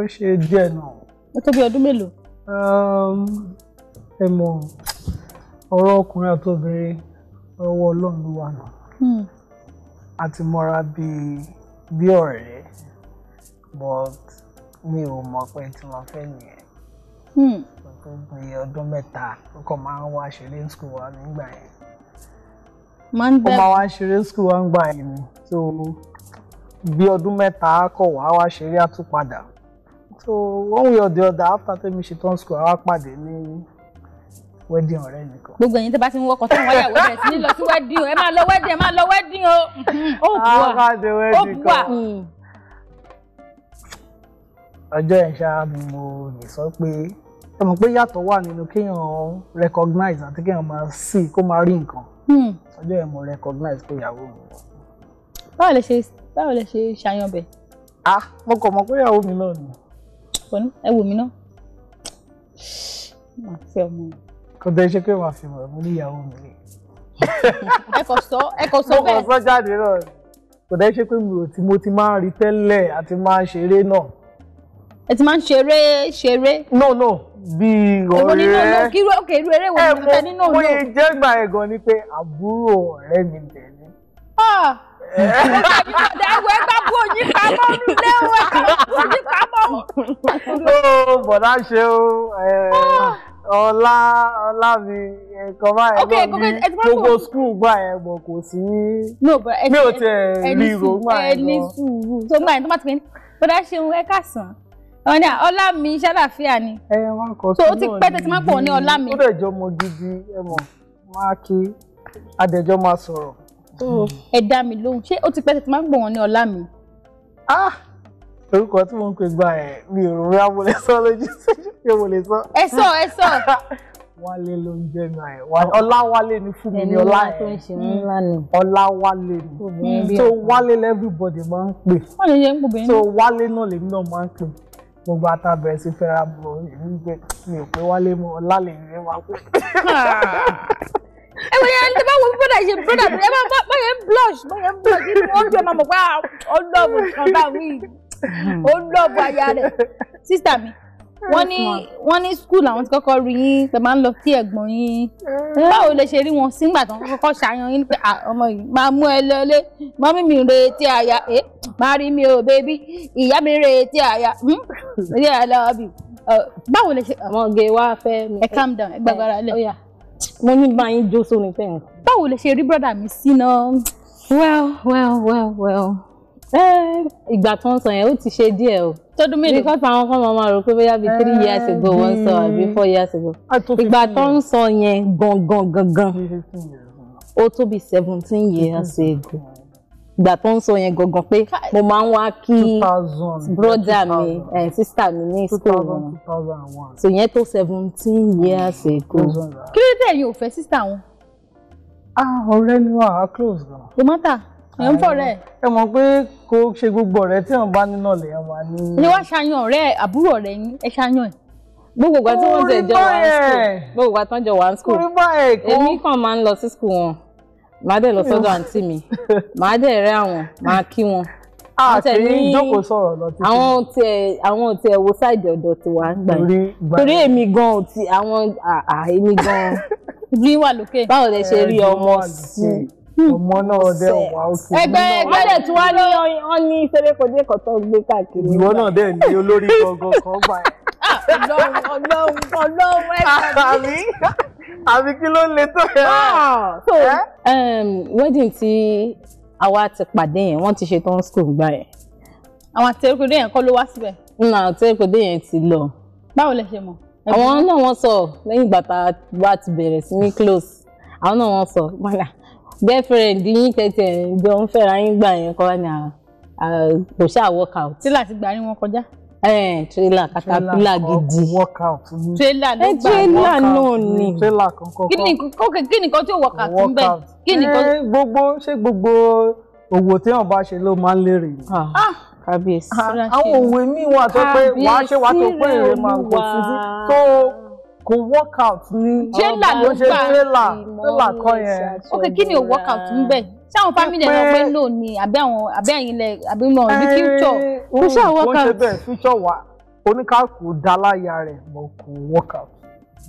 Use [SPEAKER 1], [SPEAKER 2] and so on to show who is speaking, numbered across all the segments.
[SPEAKER 1] ó ṣe díẹ̀ náà. ó tó bí ọdún mélòó. Um, ẹ mọ̀ ọ̀rọ̀ ọkùnrin àti obìnrin ọwọ́ Ọlọ́run ló wà náà àti hmm. mọ́ra bíi bí ọ̀rẹ́ but mi ò mọ̀ pé tí wọ́n fẹ́ nìyẹn tó hmm. gbé ọdún mẹ́ta ó kàn máa ń wá ṣeré school wa nígbà yẹn máa ń dẹ́ ó máa wá ṣeré school wa nígbà yẹn so bí ọdún mẹ́ta kọ̀ wá wá ṣeré àtúpadà so one way or the other after tẹ́mi ṣe tán school àwa pàdé ní wedding ọ̀rẹ́ mi kan. gbogbo ẹ̀yin tó bá ti ń wọkọ̀ tó ń wáyà wọ́n bẹ̀rẹ̀ sí ní lọ sí
[SPEAKER 2] wedding o ẹ máa lọ wedding ẹ máa lọ wedding o.
[SPEAKER 1] ó bùwà ó bùwà. Hmm. ọjọ́ yẹn ṣáá ni mo lè sọ pé ẹ mọ̀ pé yàtọ̀ wà nínú kéèyàn recognize àti kéèyàn máa sí kó máa rí nǹkan hmm. ọjọ́ yẹn mo recognize pé ìyàwó mi lọ.
[SPEAKER 2] báwo lẹ ṣe báwo lẹ ṣe ṣàyàn bẹ́ẹ̀. ah mo kàn mọ̀ pé ìyàwó mi náà
[SPEAKER 1] ni fún ẹ wò mí náà má fẹ́ ọmọ mi. kò dé ṣe pé màá fi mọ̀ mo ní ìyàwó mi rè.
[SPEAKER 2] ẹ kò sọ ẹ kò sọ bẹ́ẹ̀. mo kàn sọ jáde
[SPEAKER 1] náà kò dé ṣe pé mo ti máa ń rí tẹ́lẹ̀ àti máa ń ṣeré náà ẹ ti máa ń ṣeré ṣeré. no no bí ọ̀rẹ́ èwo nínú ọ̀nà kí òkè irú eré wo ni mo fẹ́ nínú ọ̀nà. ẹ mo mo yẹ jẹ́gbà ẹ̀gàn ni pé àbúrò ọ̀rẹ́ mi tẹ̀lé.
[SPEAKER 2] Ah! ẹwọ
[SPEAKER 1] oh, ọlá ọlá mi nǹkan báyìí lọ bí gbogbo skul gbà yẹn kò sí mi ò tẹ̀ rí ro gbà yẹn lọ. ẹni
[SPEAKER 2] tó bá ti pè ní bọ̀dá ṣeun ẹ káàsán wọn ọlá mi iṣẹ́ àlàáfíà ni. ẹ wọn ti pẹ́ tẹ̀sí máa pọ̀ ní ọlá mi. ó dẹ̀
[SPEAKER 1] jọ mọ gidi ẹ máa kí adẹ̀jọ́ máa sọ̀rọ̀.
[SPEAKER 2] Oh. ẹ dá mi lóhùn ṣé ó ti pẹ́ tètè máa ń gbọ̀ wọ́n ní ọlá mi. Ah!
[SPEAKER 1] orúkọ tí mo ń pè gba ẹ mi ò rí amúlẹ̀ sọ lójú ṣé mo lè sọ.
[SPEAKER 2] ẹ sọ ẹ sọ.
[SPEAKER 1] wálé ló ń jẹ mi àyè ọláwálé ni fún mi ní ọlá ẹ mm. ọláwálé ni so wálé everybody máa ń pè so wálé náà lèmi náà máa ń pè gbogbo atábẹ̀rẹ̀ sí fẹ́ràn mọ́ ìlú gbé mi ò pé wálé mọ́ ọlá lèmi máa ń pè.
[SPEAKER 2] ẹ wọ yẹn tẹ bá wọ broda ṣe broda tó yẹ bá yẹn blush bá yẹn blush nínú oúnjẹ ọmọ mọ pé ó lọ́ọ̀bù kan bá wí ó lọ́ọ̀bù aya rẹ̀ sísá mi wọ́n ní wọ́n ní skul àwọn tí kọ́kọ́ rí yín pé máa ń lọ kí ẹ̀gbọ́n yín mm. báwo lè ṣe rí wọn sígbà tó ń kọ́kọ́ ṣàyàn yín pé ọmọ yìí máa mú ẹ lọlé mọ́mí mi retí àyà ẹ máa rí mi ò bébí ìyá mi retí àyà hmm? ẹ lọ́ọ́ bì báwo lè ṣe. ọmọge wa fẹ́ mi. ẹ calm down ẹ gbàgbára lẹ mo ní bá yín jó sórin tẹ̀ ń. báwo lè ṣe rí brọ́dà mi sí náà. well well well well ìgbà tó ń sọ yẹn ó ti ṣe díẹ̀ o tọdún mélòó because àwọn kan máa máa rò pé bóyá bíi three years ago wọ́n sọ àbí four years ago ìgbà tó ń sọ yẹn gangan gangan ó tó bíi seventeen years ago ìgbà tó ń sọ yẹn gangan pé mo máa ń wá kí broda mi eh, sista mi ní school wọn so yẹn tó seventeen years mm, ago. kí ló dé ẹ̀yin ò fẹ́ sista wọn.
[SPEAKER 1] ah ọ̀rẹ́ ni wà á close gan. tomata ẹ̀ ń fọ̀ rẹ̀. ẹ mọ̀ pé kò ṣe gbogbo ọ̀rẹ́ tí wọ́n bá nínú ọ̀lẹ́ wà ní. ni
[SPEAKER 2] wọ́n ṣàyàn ọ̀rẹ́ àbúrò ọ̀rẹ́ yín ẹ ṣàyàn ẹ̀
[SPEAKER 1] gbogbo ìgbà tí wọ́n jẹ́
[SPEAKER 2] jọ wá ń school gbogbo ìgbà tí wọ́n jọ wá ń school èmi kàn máa ń lọ sí school wọn màá dẹ̀ lọ sọ́dọ̀ àǹtí mi màá dẹ̀ rẹ́ àwọn màá kí wọn. àtẹ̀lé ìjókòó sọ̀rọ̀ lọ títí. àwọn tiẹ̀ àwọn tiẹ̀ wo sáìdì ọ̀dọ̀ tí wàá gbà yín torí èmi gan ti àwọn èmi gan rí wà lókè báwo lẹ ṣe rí ọmọ sí
[SPEAKER 1] ọmọ náà dẹ wà òkè. ẹgbẹ́ ẹgbẹ́ dẹ̀ tí wàá ní wọ́n ní ìṣeré kò dé kọ́tọ́ gbé káàkiri. ìwọ náà dẹ̀ ní olórí gbọ̀ngàn kan gbà yẹn. Ah, ọlọ́run ọlọ́run ọlọ́run ẹ̀ka mi. àbí kí ló
[SPEAKER 2] Um, wedding tí awa ti pàdé yẹn wọn ti ṣe tán school gba yẹn. àwọn àtẹ̀rẹ́kọ̀dé yẹn kọ́ ló wá síbẹ̀. yẹn ti lọ. báwo lẹ ṣe mọ̀. àwọn náà wọ́n sọ ìgbà tá a wá ti bẹ̀rẹ̀ sí ní close àwọn náà wọn sọ mọ́nà ah, girlfriend yín tẹ̀tẹ̀ jọ ń fẹ́ra yín gbà yẹn ni ah, ah, kò ṣáà work out. tí láti gbà yín wọn kọjá. tírélà katapila gidi tírélà ló gbà tírélà náà ni tírélà
[SPEAKER 1] kankan
[SPEAKER 2] kí nìkan tí ò work out ń bẹ kí nìkan.
[SPEAKER 1] gbogbo ṣé gbogbo òwò téèyàn bá ṣe ló máa ń lérè ni ah. Ah. kábíyèsí. Ah, àwọn òwe míì wà tó pé wàá ṣe wàá tó pé èrè máa ń kó títí tó kò workout ní. jẹ́là ló gbà jẹ́là jẹ́là kọ́ yẹn. ok
[SPEAKER 2] kí ni o workout ń bẹ̀ ṣé àwọn family ẹ̀ lọ pé no ni àbí àwọn àbí ẹ̀yin lẹ̀ àbí mọ̀ ibi future ó wọ́n ṣe
[SPEAKER 1] bẹ́ẹ̀ fíṣọ̀ wá oníkàkù dáláyà rẹ̀ but kò work out.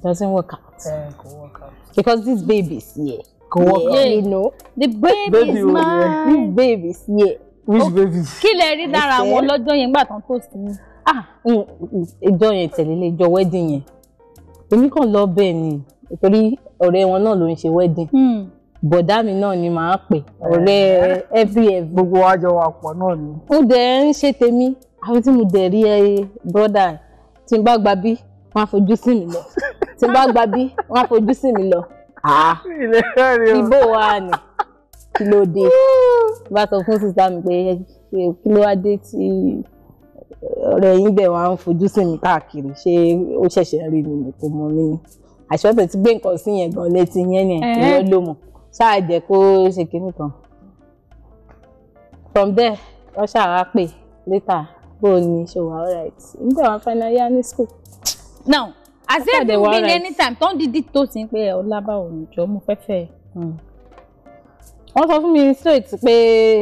[SPEAKER 1] doesn't work out. Yeah, kò work out. because these babies here. Yeah. kò work yeah, out. you
[SPEAKER 2] know the babies Baby man these babies here. Yeah. which oh, babies. kí lẹ rí lára àwọn lọ́jọ́ yẹn gbà tán tó sí i ah ìjọ yẹn tẹ̀lé lé ìjọ wedding yẹn èmi kàn lọ bẹ́ẹ̀ ni torí ọ̀rẹ́ wọn náà ló ń ṣe wedding. Hmm bọ̀dá mi náà ni màá pè ọ̀rẹ́ eh, everywhere.
[SPEAKER 1] gbogbo wa jọ wà pọ̀ náà ni.
[SPEAKER 2] mo dẹ̀ ń ṣe tèmi àfi tí mo dẹ̀ rí ẹ bọ́dà tí n bá gba bí wọn á fojú sí mi lọ tí n bá gba bí wọn á fojú sí mi lọ.
[SPEAKER 1] Ah. ibo
[SPEAKER 2] wa ni kí ló dé bá sọ fún sísá mi pé kí ló wá dé tí ọ̀rẹ́ yín bẹ̀ wá ń fojú sí mi káàkiri ṣé ó ṣẹ̀ṣẹ̀ rí mi kò mọ̀ mí ni àṣọ́tẹ̀ ti gbé nǹkan sí yẹn gan létí yẹn eh. yẹn ló ló mọ̀ ṣáà jẹ́ kó ṣe kinní kan from there wọ́n ṣàwá pè later bó ni ṣe wà alright nígbà wọn fẹ́ náà yá ní school. now as if you been anytime tó ń dídí tó ti ń pé ọlábà òun jọ mo fẹ́ fẹ́ hmm. wọ́n sọ fún mi straight pé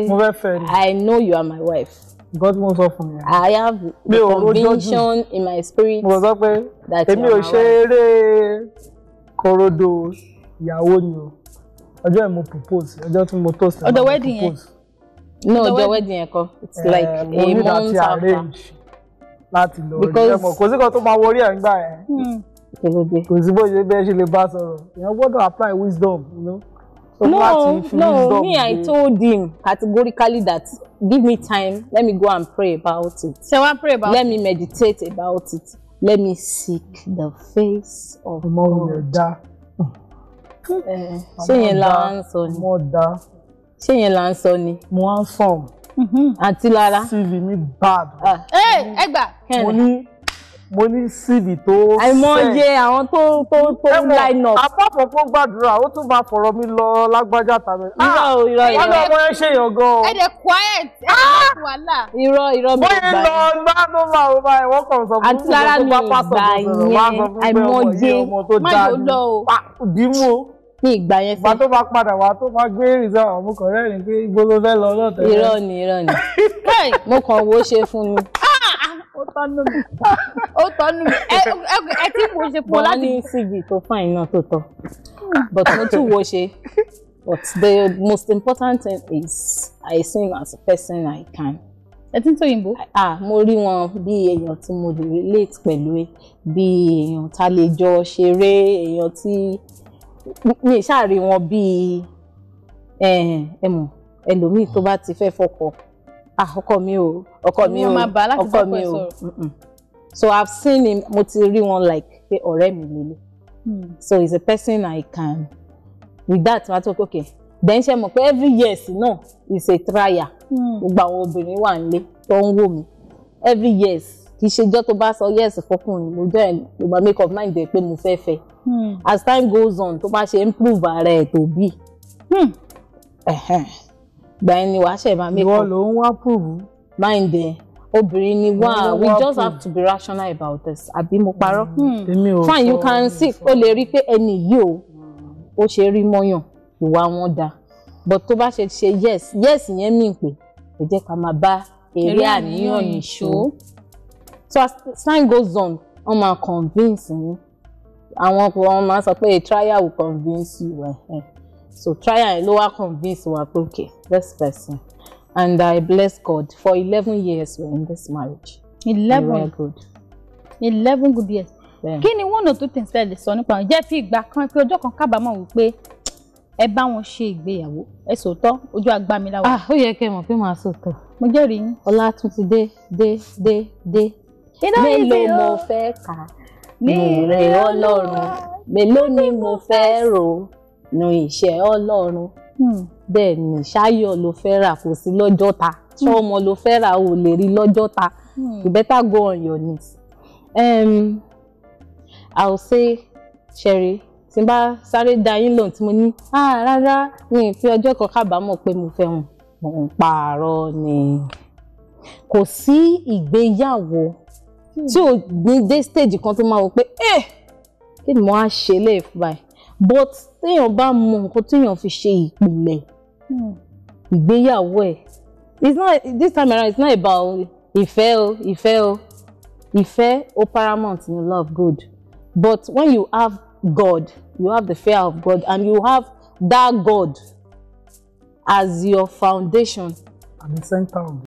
[SPEAKER 2] mo fẹ́ fẹ́ ni i know you are my wife God tí mo sọ fún yẹn. I have the conviction in my spirit.
[SPEAKER 1] mo sọ pé èmi ò ṣe eré korodo ìyàwó ni o ọjọ́ yẹn mo propose ọjọ́ tí mo toast ọjọ́ wedding yẹn no ọjọ́ wedding yẹn kọ́ it's like eh, a month after láti lọ rí ẹmọ kò sí kan tó máa wọrí ẹ̀ ń gbà yẹn hmm. kò sí bó ṣe bẹ́ẹ̀ ṣe lè bá sọ̀rọ̀ èèyàn gbọ́dọ̀ apply wisdom you know. no no me i
[SPEAKER 2] told him categorically that give me time let me go and pray about it so i pray about let it. me meditate about it let me seek the face of God. Eh, ṣé yẹn là ń sọ ni mo da ṣé yẹn là ń sọ ni mo á fọm àti lára cv mi bad ẹ ah. eh, ẹ gbà mo ní
[SPEAKER 1] mo ní cv tó fẹ́ àìmọye àwọn tó tó tó line up. àpapọ̀ fún gbàdúrà ó tún máa fọ̀rọ̀ mi lọ lágbájá tàbí. Ah, irọ́ irọ́ irọ́ ọ̀nà ọmọ ẹ ṣe yàn gan. ẹ
[SPEAKER 2] dẹ̀ quiet ẹ dẹ̀ ah! wàhálà. irọ́ irọ́ mi ò gbà yẹn. bóyá lọ bá tó máa wọ báyìí
[SPEAKER 1] wọ́n kàn sọ fún mi. àti lára mi ò gbà yẹn àìmọye má yóò lọ o. bímú o ní ìgbà yẹn fẹ́. ìgbà tó bá padà wá tó bá gbé rìsà àwọn kọ̀rẹ́ rìn pé igbó ló fẹ́ lọ lọ́tẹ̀. irọ́ ni irọ́ ni mo kàn wo ṣe fún mi. ó tọ́nu
[SPEAKER 2] mi ó tọ́nu mi ẹ tí mo ṣe pọ̀ láti. bọ́lá ní cv tó fine náà tó tọ́ but mo tún wo ṣe but the most important thing is I sing as a person I can. ẹ ti ń tó yìnbó. ah mo rí wọn bí èèyàn tí mo lè relate pẹ̀lú bí èèyàn tá lè jọ ṣeré èèyàn tí mi ṣáàrí wọn bíi eh, ẹ mọ̀ ẹlòmíì tó bá ti fẹ́ fọkọ ah, ọkọ mi o ọkọ mi o ọkọ mi o so I've seen him mo ti rí wọn like pé ọ̀rẹ́ mi lélẹ̀ hmm. so he's a person I can with that ma tó kókè then ṣe mọ̀ pé every year sí náà is a trial hmm. gbogbo àwọn obìnrin wà nílé tó ń wò mí every year kì í ṣe jọ́ tó bá sọ yes fọkùnrin mo jẹ́ ẹ̀ ló máa make up mind ẹ̀ pé mo fẹ́ fẹ́. Hmm. as time goes on tó bá ṣe improve ara ẹ̀ tó bí hmm. gbàyẹn ni wàá ṣe máa make up. ìwọ ló ń wá pùrù. mind ẹ obìnrin ni wá we just have to be rational about this àbí mo parọ́. Hmm. èmi ò fine you can see o lè rí i pé ẹni yìí o ó ṣe rí mọ́yàn ìwà wọn dáa but tó bá ṣe ṣe yes yes yẹn mì pé ẹ jẹ́ ká máa bá èrè àníyàn yìí ṣó so as time goes on wọ́n máa convince yín àwọn ọkùnrin máa ń sọ pé a trial will convince you eh, so trial ló wá convince wa pé okay best person and I bless God for eleven years we in this marriage. eleven we good. eleven good years. kí ni one or two things ẹ lè sọ nípa wọn jẹ́ fi ìgbà kan pé ọjọ́ kan kábàámọ̀ wípé ẹ bá wọn ṣe ìgbéyàwó ẹ sòótọ́ ojú àgbà mi láwọn. ah ó yẹ kẹ́ mọ̀ pé màá sòótọ́. mo jẹ́rìí yín. ọlá tún ti dé dé dé dé. iná yìí dé o mélòó mo fẹ́ kà á ní ire ọlọ́run mélòó ni mo fẹ́ rò nu ìṣẹ́ ọlọ́run hmm. bẹ́ẹ̀ ni ṣáyọ̀ ló fẹ́ rà kò sí lọ́jọ́ ta hmm. ṣọ́ọ̀mọ ló fẹ́ rà ò lè rí lọ́jọ́ ta hmm. you better go on your knees. Um, I'll say Sherry tí n bá sáré da yín lòun tí mo ní rárá mi ì fi ọjọ́ kan kábàámọ̀ pé mo fẹ́ hùn mo ń pààrọ̀ ni kò sí ìgbéyàwó tí ò gbìn dé stage kan tó máa wò pé ẹ eh, kí ni mo á ṣe léèfù e báyìí but téèyàn bá mọ nǹkan téèyàn fi ṣe ìpìlẹ̀ hmm. ìgbéyàwó ẹ̀ it's not this time around it's not about ìfẹ́ o ìfẹ́ o ìfẹ́ o paramount in love good but when you have God you have the fear of God and you have that God as your foundation. and the same time.